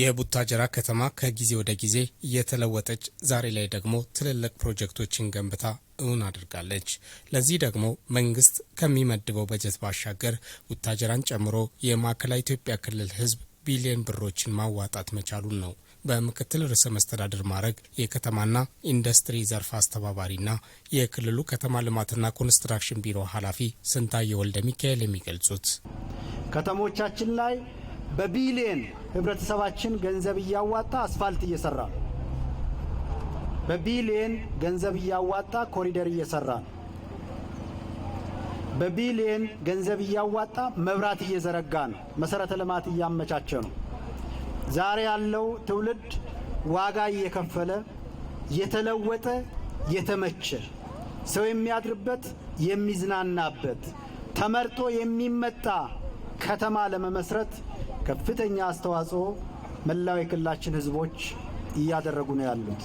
የቡታጀራ ከተማ ከጊዜ ወደ ጊዜ እየተለወጠች ዛሬ ላይ ደግሞ ትልልቅ ፕሮጀክቶችን ገንብታ እውን አድርጋለች። ለዚህ ደግሞ መንግስት ከሚመድበው በጀት ባሻገር ቡታጀራን ጨምሮ የማዕከላዊ ኢትዮጵያ ክልል ህዝብ ቢሊዮን ብሮችን ማዋጣት መቻሉን ነው በምክትል ርዕሰ መስተዳድር ማዕረግ የከተማና ኢንዱስትሪ ዘርፍ አስተባባሪና የክልሉ ከተማ ልማትና ኮንስትራክሽን ቢሮ ኃላፊ ስንታየ ወልደ ሚካኤል የሚገልጹት ከተሞቻችን ላይ በቢሊየን ህብረተሰባችን ገንዘብ እያዋጣ አስፋልት እየሰራ ነው። በቢሊየን ገንዘብ እያዋጣ ኮሪደር እየሰራ ነው። በቢሊየን ገንዘብ እያዋጣ መብራት እየዘረጋ ነው። መሰረተ ልማት እያመቻቸ ነው። ዛሬ ያለው ትውልድ ዋጋ እየከፈለ የተለወጠ የተመቸ ሰው የሚያድርበት የሚዝናናበት ተመርጦ የሚመጣ ከተማ ለመመስረት ከፍተኛ አስተዋጽኦ መላው የክልላችን ህዝቦች እያደረጉ ነው ያሉት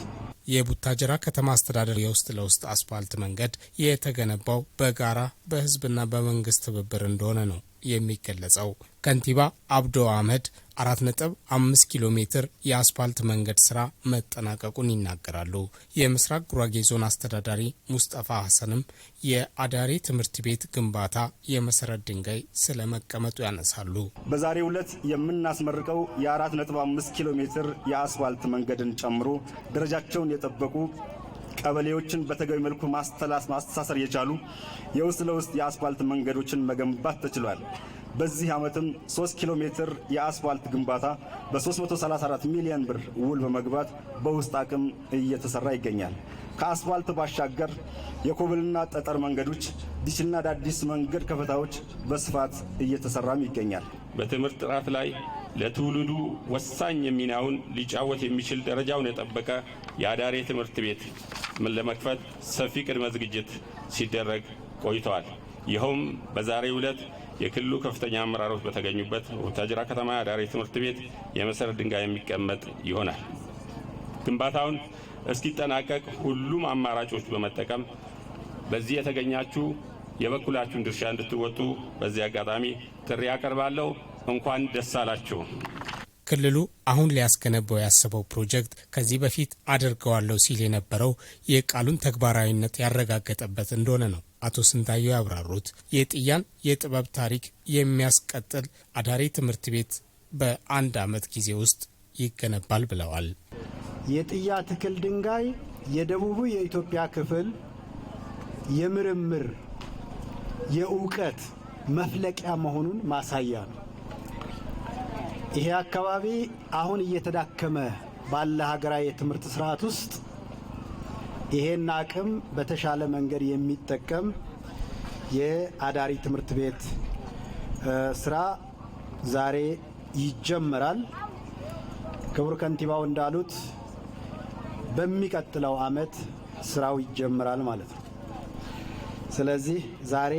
የቡታጀራ ከተማ አስተዳደር የውስጥ ለውስጥ አስፋልት መንገድ የተገነባው በጋራ በህዝብና በመንግስት ትብብር እንደሆነ ነው የሚገለጸው። ከንቲባ አብዶ አህመድ 4.5 ኪሎ ሜትር የአስፓልት መንገድ ስራ መጠናቀቁን ይናገራሉ። የምስራቅ ጉራጌ ዞን አስተዳዳሪ ሙስጠፋ ሐሰንም የአዳሪ ትምህርት ቤት ግንባታ የመሰረት ድንጋይ ስለ መቀመጡ ያነሳሉ። በዛሬ ዕለት የምናስመርቀው የ4.5 ኪሎ ሜትር የአስፋልት መንገድን ጨምሮ ደረጃቸውን የጠበቁ ቀበሌዎችን በተገቢ መልኩ ማስተላስ ማስተሳሰር የቻሉ የውስጥ ለውስጥ የአስፋልት መንገዶችን መገንባት ተችሏል። በዚህ ዓመትም 3 ኪሎ ሜትር የአስፋልት ግንባታ በ334 ሚሊዮን ብር ውል በመግባት በውስጥ አቅም እየተሰራ ይገኛል። ከአስፋልት ባሻገር የኮብልና ጠጠር መንገዶች፣ ዲችና አዳዲስ መንገድ ከፈታዎች በስፋት እየተሰራም ይገኛል። በትምህርት ጥራት ላይ ለትውልዱ ወሳኝ የሚናውን ሊጫወት የሚችል ደረጃውን የጠበቀ የአዳሪ ትምህርት ቤት ምን ለመክፈት ሰፊ ቅድመ ዝግጅት ሲደረግ ቆይተዋል። ይኸውም በዛሬ ዕለት የክልሉ ከፍተኛ አመራሮች በተገኙበት ቡታጅራ ከተማ የአዳሪ ትምህርት ቤት የመሰረት ድንጋይ የሚቀመጥ ይሆናል። ግንባታውን እስኪጠናቀቅ ሁሉም አማራጮች በመጠቀም በዚህ የተገኛችሁ የበኩላችሁን ድርሻ እንድትወጡ በዚህ አጋጣሚ ጥሪ አቀርባለሁ። እንኳን ደስ አላችሁ። ክልሉ አሁን ሊያስገነባው ያሰበው ፕሮጀክት ከዚህ በፊት አድርገዋለሁ ሲል የነበረው የቃሉን ተግባራዊነት ያረጋገጠበት እንደሆነ ነው አቶ ስንታየው ያብራሩት። የጥያን የጥበብ ታሪክ የሚያስቀጥል አዳሪ ትምህርት ቤት በአንድ ዓመት ጊዜ ውስጥ ይገነባል ብለዋል። የጥያ ትክል ድንጋይ የደቡቡ የኢትዮጵያ ክፍል የምርምር የእውቀት መፍለቂያ መሆኑን ማሳያ ነው። ይሄ አካባቢ አሁን እየተዳከመ ባለ ሀገራዊ የትምህርት ስርዓት ውስጥ ይሄን አቅም በተሻለ መንገድ የሚጠቀም የአዳሪ ትምህርት ቤት ስራ ዛሬ ይጀመራል። ክቡር ከንቲባው እንዳሉት በሚቀጥለው አመት ስራው ይጀምራል ማለት ነው። ስለዚህ ዛሬ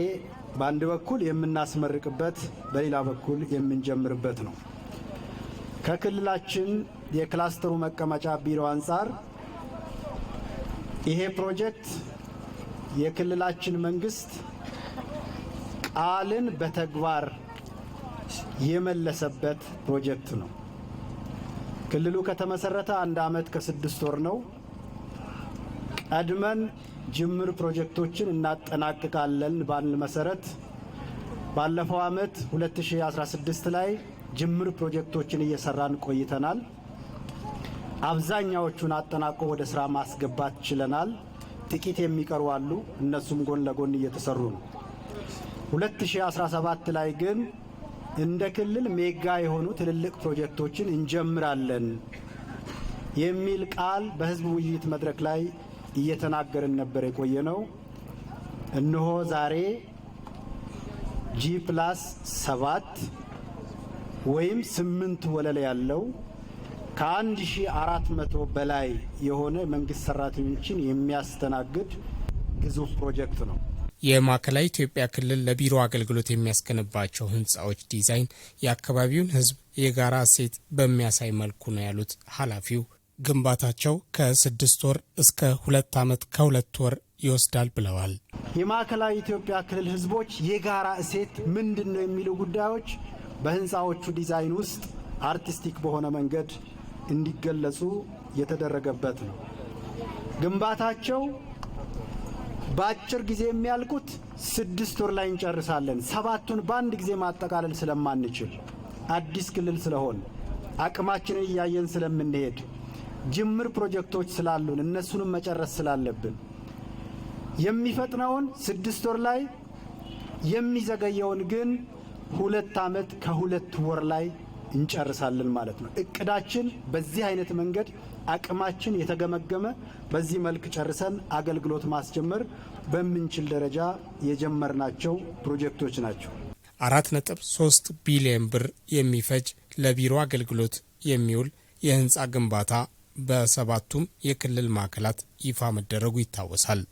በአንድ በኩል የምናስመርቅበት፣ በሌላ በኩል የምንጀምርበት ነው። ከክልላችን የክላስተሩ መቀመጫ ቢሮ አንጻር ይሄ ፕሮጀክት የክልላችን መንግስት ቃልን በተግባር የመለሰበት ፕሮጀክት ነው። ክልሉ ከተመሰረተ አንድ አመት ከስድስት ወር ነው። ቀድመን ጅምር ፕሮጀክቶችን እናጠናቅቃለን ባል መሰረት ባለፈው አመት 2016 ላይ ጅምር ፕሮጀክቶችን እየሰራን ቆይተናል። አብዛኛዎቹን አጠናቆ ወደ ስራ ማስገባት ችለናል። ጥቂት የሚቀሩ አሉ። እነሱም ጎን ለጎን እየተሰሩ ነው። 2017 ላይ ግን እንደ ክልል ሜጋ የሆኑ ትልልቅ ፕሮጀክቶችን እንጀምራለን የሚል ቃል በህዝብ ውይይት መድረክ ላይ እየተናገርን ነበር የቆየ ነው። እነሆ ዛሬ ጂ ፕላስ 7 ወይም ስምንት ወለል ያለው ከአንድ ሺ አራት መቶ በላይ የሆነ መንግስት ሰራተኞችን የሚያስተናግድ ግዙፍ ፕሮጀክት ነው። የማዕከላዊ ኢትዮጵያ ክልል ለቢሮ አገልግሎት የሚያስገነባቸው ህንፃዎች ዲዛይን የአካባቢውን ህዝብ የጋራ እሴት በሚያሳይ መልኩ ነው ያሉት ኃላፊው፣ ግንባታቸው ከስድስት ወር እስከ ሁለት ዓመት ከሁለት ወር ይወስዳል ብለዋል። የማዕከላዊ ኢትዮጵያ ክልል ህዝቦች የጋራ እሴት ምንድን ነው የሚሉ ጉዳዮች በህንፃዎቹ ዲዛይን ውስጥ አርቲስቲክ በሆነ መንገድ እንዲገለጹ የተደረገበት ነው። ግንባታቸው በአጭር ጊዜ የሚያልቁት ስድስት ወር ላይ እንጨርሳለን፣ ሰባቱን በአንድ ጊዜ ማጠቃለል ስለማንችል አዲስ ክልል ስለሆን አቅማችንን እያየን ስለምንሄድ ጅምር ፕሮጀክቶች ስላሉን እነሱንም መጨረስ ስላለብን የሚፈጥነውን ስድስት ወር ላይ የሚዘገየውን ግን ሁለት ዓመት ከሁለት ወር ላይ እንጨርሳለን ማለት ነው። እቅዳችን በዚህ አይነት መንገድ አቅማችን የተገመገመ በዚህ መልክ ጨርሰን አገልግሎት ማስጀመር በምንችል ደረጃ የጀመርናቸው ፕሮጀክቶች ናቸው። አራት ነጥብ ሶስት ቢሊየን ብር የሚፈጅ ለቢሮ አገልግሎት የሚውል የህንፃ ግንባታ በሰባቱም የክልል ማዕከላት ይፋ መደረጉ ይታወሳል።